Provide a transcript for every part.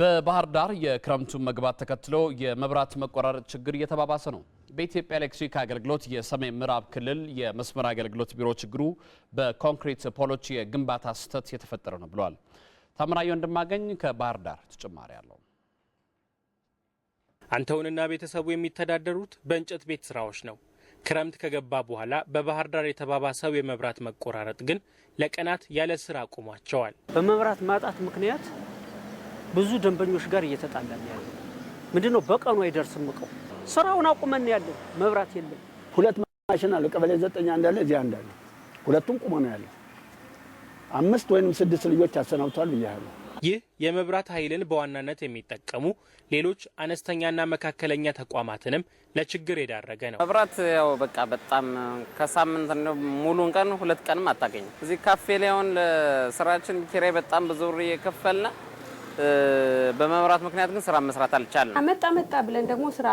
በባህር ዳር የክረምቱን መግባት ተከትሎ የመብራት መቆራረጥ ችግር እየተባባሰ ነው። በኢትዮጵያ ኤሌክትሪክ አገልግሎት የሰሜን ምዕራብ ክልል የመስመር አገልግሎት ቢሮ ችግሩ በኮንክሪት ፖሎች የግንባታ ስህተት የተፈጠረ ነው ብለዋል። ታምራየሁ እንደማገኝ ከባህር ዳር ተጨማሪ አለው። አንተውንና ቤተሰቡ የሚተዳደሩት በእንጨት ቤት ስራዎች ነው። ክረምት ከገባ በኋላ በባህር ዳር የተባባሰው የመብራት መቆራረጥ ግን ለቀናት ያለ ስራ አቁሟቸዋል። በመብራት ማጣት ምክንያት ብዙ ደንበኞች ጋር እየተጣላን ያለ ምንድን ነው? በቀኑ አይደርስም እቃው። ስራውን አቁመን ያለን መብራት የለም። ሁለት ማሽን አለ ቀበሌ ዘጠኛ እንዳለ እዚያ እንዳለ ሁለቱም ቁመ ነው ያለ። አምስት ወይም ስድስት ልጆች አሰናብቷል ብያሉ። ይህ የመብራት ኃይልን በዋናነት የሚጠቀሙ ሌሎች አነስተኛና መካከለኛ ተቋማትንም ለችግር የዳረገ ነው። መብራት ያው በቃ በጣም ከሳምንት ሙሉን ቀን ሁለት ቀንም አታገኝም። እዚህ ካፌ ላይ ለስራችን ኪራይ በጣም ብዙ ብር በመብራት ምክንያት ግን ስራ መስራት አልቻለም። መጣ መጣ ብለን ደግሞ ስራ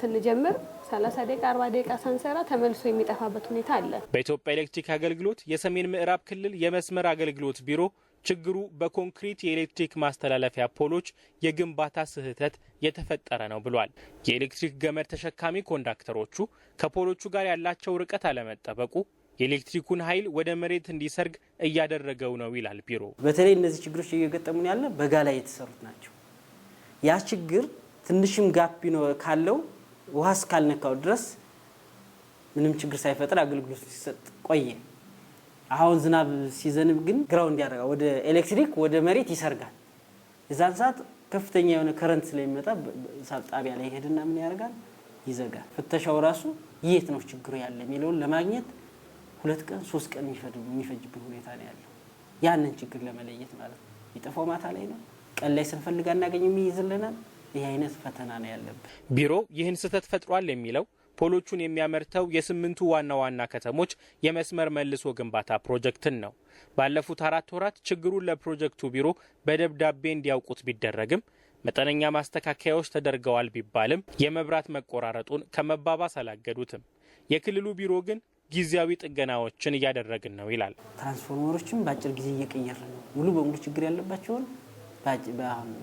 ስንጀምር 30 ደቂቃ 40 ደቂቃ ሳንሰራ ተመልሶ የሚጠፋበት ሁኔታ አለ። በኢትዮጵያ ኤሌክትሪክ አገልግሎት የሰሜን ምዕራብ ክልል የመስመር አገልግሎት ቢሮ ችግሩ በኮንክሪት የኤሌክትሪክ ማስተላለፊያ ፖሎች የግንባታ ስህተት የተፈጠረ ነው ብሏል። የኤሌክትሪክ ገመድ ተሸካሚ ኮንዳክተሮቹ ከፖሎቹ ጋር ያላቸው ርቀት አለመጠበቁ የኤሌክትሪኩን ኃይል ወደ መሬት እንዲሰርግ እያደረገው ነው ይላል ቢሮ። በተለይ እነዚህ ችግሮች እየገጠሙን ያለ በጋ ላይ የተሰሩት ናቸው። ያ ችግር ትንሽም ጋፕ ካለው ውሃ እስካልነካው ድረስ ምንም ችግር ሳይፈጥር አገልግሎት ሲሰጥ ቆየ። አሁን ዝናብ ሲዘንብ ግን ግራው እንዲያደርጋ ወደ ኤሌክትሪክ ወደ መሬት ይሰርጋል። የዛን ሰዓት ከፍተኛ የሆነ ከረንት ስለሚመጣ ጣቢያ ላይ ይሄድና ምን ያደርጋል? ይዘጋል። ፍተሻው ራሱ የት ነው ችግሩ ያለ የሚለውን ለማግኘት ሁለት ቀን ሶስት ቀን የሚፈጅብን ሁኔታ ነው ያለው። ያንን ችግር ለመለየት ማለት ነው። ይጠፋው ማታ ላይ ነው። ቀን ላይ ስንፈልግ አናገኝም፣ ይይዝልናል። ይህ አይነት ፈተና ነው ያለብን። ቢሮ ይህን ስህተት ፈጥሯል የሚለው ፖሎቹን የሚያመርተው የስምንቱ ዋና ዋና ከተሞች የመስመር መልሶ ግንባታ ፕሮጀክትን ነው። ባለፉት አራት ወራት ችግሩን ለፕሮጀክቱ ቢሮ በደብዳቤ እንዲያውቁት ቢደረግም መጠነኛ ማስተካከያዎች ተደርገዋል ቢባልም የመብራት መቆራረጡን ከመባባስ አላገዱትም። የክልሉ ቢሮ ግን ጊዜያዊ ጥገናዎችን እያደረግን ነው ይላል። ትራንስፎርመሮችን በአጭር ጊዜ እየቀየር ነው። ሙሉ በሙሉ ችግር ያለባቸውን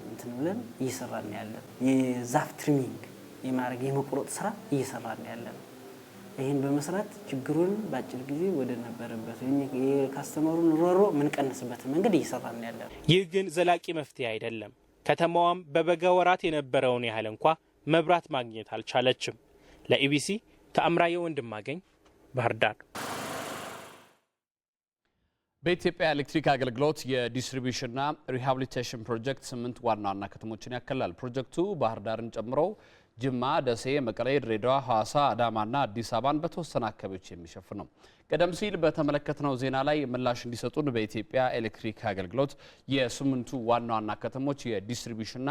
እንትን ብለን እየሰራን ያለን የዛፍ ትሪሚንግ የማድረግ የመቁረጥ ስራ ያለ ያለን ይህን በመስራት ችግሩን በአጭር ጊዜ ወደ ነበረበት ወይም የካስተመሩን ሮሮ የምንቀንስበት መንገድ እየሰራን ያለን። ይህ ግን ዘላቂ መፍትሄ አይደለም። ከተማዋም በበጋ ወራት የነበረውን ያህል እንኳ መብራት ማግኘት አልቻለችም። ለኢቢሲ ተአምራየ ወንድማገኝ ባህር ዳር። በኢትዮጵያ ኤሌክትሪክ አገልግሎት የዲስትሪቢሽንና ሪሃብሊቴሽን ፕሮጀክት ስምንት ዋና ዋና ከተሞችን ያከላል። ፕሮጀክቱ ባህር ዳርን ጨምሮ ጅማ፣ ደሴ፣ መቀሌ፣ ድሬዳዋ፣ ሐዋሳ፣ አዳማና አዲስ አበባን በተወሰነ አካባቢዎች የሚሸፍን ነው። ቀደም ሲል በተመለከትነው ዜና ላይ ምላሽ እንዲሰጡን በኢትዮጵያ ኤሌክትሪክ አገልግሎት የስምንቱ ዋና ዋና ከተሞች የዲስትሪቢሽንና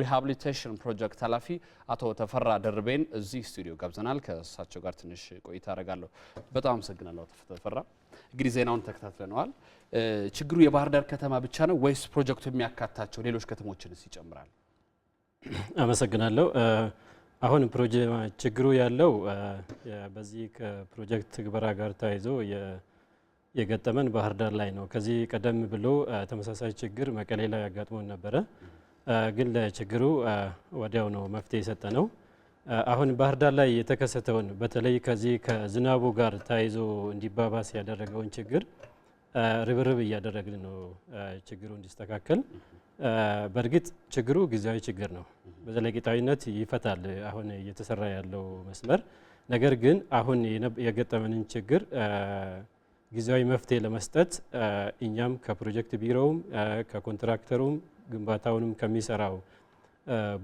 ሪሃብሊቴሽን ፕሮጀክት ኃላፊ አቶ ተፈራ ደርቤን እዚህ ስቱዲዮ ጋብዘናል። ከእሳቸው ጋር ትንሽ ቆይታ አደርጋለሁ። በጣም አመሰግናለሁ ተፈራ። እንግዲህ ዜናውን ተከታትለነዋል። ችግሩ የባህር ዳር ከተማ ብቻ ነው ወይስ ፕሮጀክቱ የሚያካታቸው ሌሎች ከተሞችንስ ይጨምራል? አመሰግናለሁ። አሁን ችግሩ ያለው በዚህ ከፕሮጀክት ትግበራ ጋር ተያይዞ የገጠመን ባህር ዳር ላይ ነው። ከዚህ ቀደም ብሎ ተመሳሳይ ችግር መቀሌ ላይ አጋጥሞን ነበረ። ግን ለችግሩ ወዲያው ነው መፍትሄ የሰጠ ነው። አሁን ባህር ዳር ላይ የተከሰተውን በተለይ ከዚህ ከዝናቡ ጋር ተያይዞ እንዲባባስ ያደረገውን ችግር ርብርብ እያደረግን ነው ችግሩ እንዲስተካከል። በእርግጥ ችግሩ ጊዜያዊ ችግር ነው፣ በዘለቂታዊነት ይፈታል አሁን እየተሰራ ያለው መስመር። ነገር ግን አሁን የገጠመንን ችግር ጊዜያዊ መፍትሄ ለመስጠት እኛም ከፕሮጀክት ቢሮውም ከኮንትራክተሩም ግንባታውንም ከሚሰራው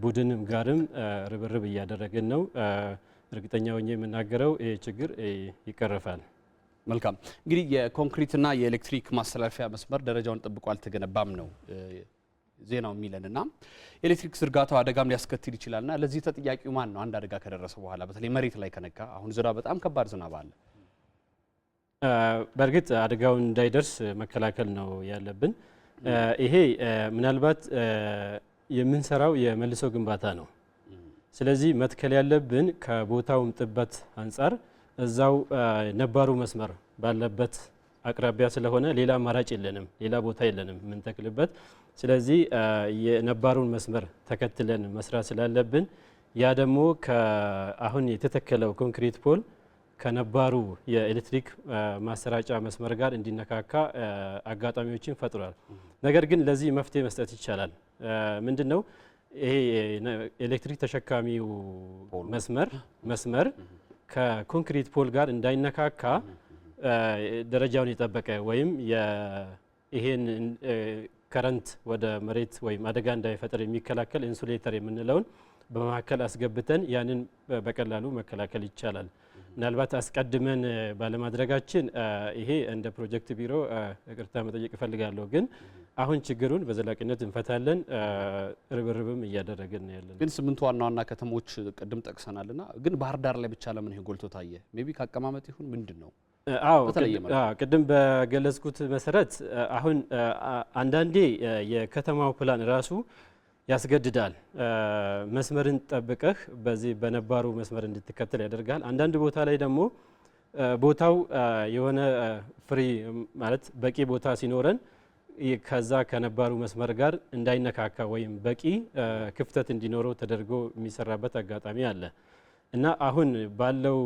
ቡድንም ጋርም ርብርብ እያደረግን ነው። እርግጠኛ ሆኜ የምናገረው ይህ ችግር ይቀረፋል። መልካም እንግዲህ የኮንክሪትና የኤሌክትሪክ ማስተላለፊያ መስመር ደረጃውን ጠብቆ አልተገነባም ነው ዜናው የሚለን እና ኤሌክትሪክ ዝርጋታው አደጋም ሊያስከትል ይችላል እና ለዚህ ተጠያቂው ማን ነው? አንድ አደጋ ከደረሰ በኋላ በተለይ መሬት ላይ ከነካ አሁን ዝናብ በጣም ከባድ ዝናብ አለ። በእርግጥ አደጋው እንዳይደርስ መከላከል ነው ያለብን። ይሄ ምናልባት የምንሰራው የመልሰው ግንባታ ነው። ስለዚህ መትከል ያለብን ከቦታውም ጥበት አንጻር እዛው ነባሩ መስመር ባለበት አቅራቢያ ስለሆነ ሌላ አማራጭ የለንም፣ ሌላ ቦታ የለንም የምንተክልበት። ስለዚህ የነባሩን መስመር ተከትለን መስራት ስላለብን ያ ደግሞ አሁን የተተከለው ኮንክሪት ፖል ከነባሩ የኤሌክትሪክ ማሰራጫ መስመር ጋር እንዲነካካ አጋጣሚዎችን ፈጥሯል። ነገር ግን ለዚህ መፍትሄ መስጠት ይቻላል። ምንድን ነው ይሄ ኤሌክትሪክ ተሸካሚው መስመር መስመር ከኮንክሪት ፖል ጋር እንዳይነካካ ደረጃውን የጠበቀ ወይም ይሄን ከረንት ወደ መሬት ወይም አደጋ እንዳይፈጥር የሚከላከል ኢንሱሌተር የምንለውን በመካከል አስገብተን ያንን በቀላሉ መከላከል ይቻላል። ምናልባት አስቀድመን ባለማድረጋችን ይሄ እንደ ፕሮጀክት ቢሮ ይቅርታ መጠየቅ እፈልጋለሁ ግን አሁን ችግሩን በዘላቂነት እንፈታለን። ርብርብም እያደረግን ያለን ግን ስምንቱ ዋና ዋና ከተሞች ቅድም ጠቅሰናልና ግን ባህር ዳር ላይ ብቻ ለምን ጎልቶ ታየ? ቢ ከአቀማመጥ ይሁን ምንድን ነው? አዎ ቅድም በገለጽኩት መሰረት አሁን አንዳንዴ የከተማው ፕላን ራሱ ያስገድዳል። መስመርን ጠብቀህ በዚህ በነባሩ መስመር እንድትከተል ያደርጋል። አንዳንድ ቦታ ላይ ደግሞ ቦታው የሆነ ፍሪ ማለት በቂ ቦታ ሲኖረን ከዛ ከነባሩ መስመር ጋር እንዳይነካካ ወይም በቂ ክፍተት እንዲኖረው ተደርጎ የሚሰራበት አጋጣሚ አለ እና አሁን ባለው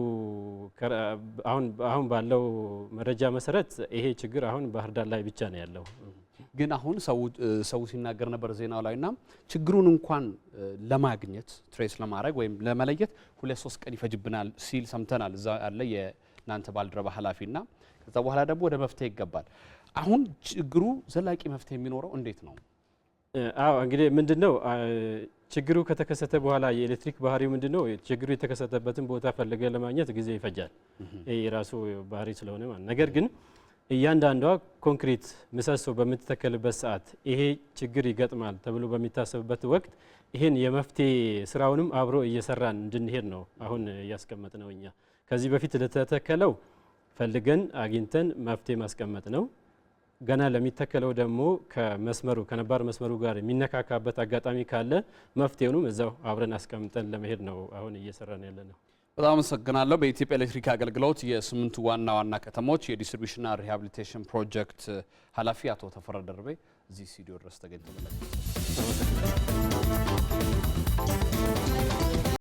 አሁን ባለው መረጃ መሰረት ይሄ ችግር አሁን ባህር ዳር ላይ ብቻ ነው ያለው። ግን አሁን ሰው ሲናገር ነበር ዜናው ላይ እና ችግሩን እንኳን ለማግኘት ትሬስ ለማድረግ ወይም ለመለየት ሁለት ሶስት ቀን ይፈጅብናል ሲል ሰምተናል። እዛ ያለ የእናንተ ባልደረባ እና ከዛ በኋላ ደግሞ ወደ መፍትሄ ይገባል። አሁን ችግሩ ዘላቂ መፍትሄ የሚኖረው እንዴት ነው? አዎ እንግዲህ ምንድነው ችግሩ ከተከሰተ በኋላ የኤሌክትሪክ ባህሪው ነው? ችግሩ የተከሰተበትን ቦታ ፈልገ ለማግኘት ጊዜ ይፈጃል። ይህ የራሱ ባህሪ ስለሆነ ማለት ነገር ግን እያንዳንዷ ኮንክሪት ምሰሶ በምትተከልበት ሰዓት ይሄ ችግር ይገጥማል ተብሎ በሚታሰብበት ወቅት ይህን የመፍትሄ ስራውንም አብሮ እየሰራን እንድንሄድ ነው አሁን እያስቀመጥ ነው። እኛ ከዚህ በፊት ለተተከለው ፈልገን አግኝተን መፍትሄ ማስቀመጥ ነው። ገና ለሚተከለው ደግሞ ከመስመሩ ከነባር መስመሩ ጋር የሚነካካበት አጋጣሚ ካለ መፍትሄውንም እዛው አብረን አስቀምጠን ለመሄድ ነው አሁን እየሰራን ያለ ነው። በጣም አመሰግናለሁ። በኢትዮጵያ ኤሌክትሪክ አገልግሎት የስምንቱ ዋና ዋና ከተሞች የዲስትሪቢሽንና ሪሃብሊቴሽን ፕሮጀክት ኃላፊ አቶ ተፈራ ደርቤ እዚህ ስቱዲዮ ድረስ ተገኝተው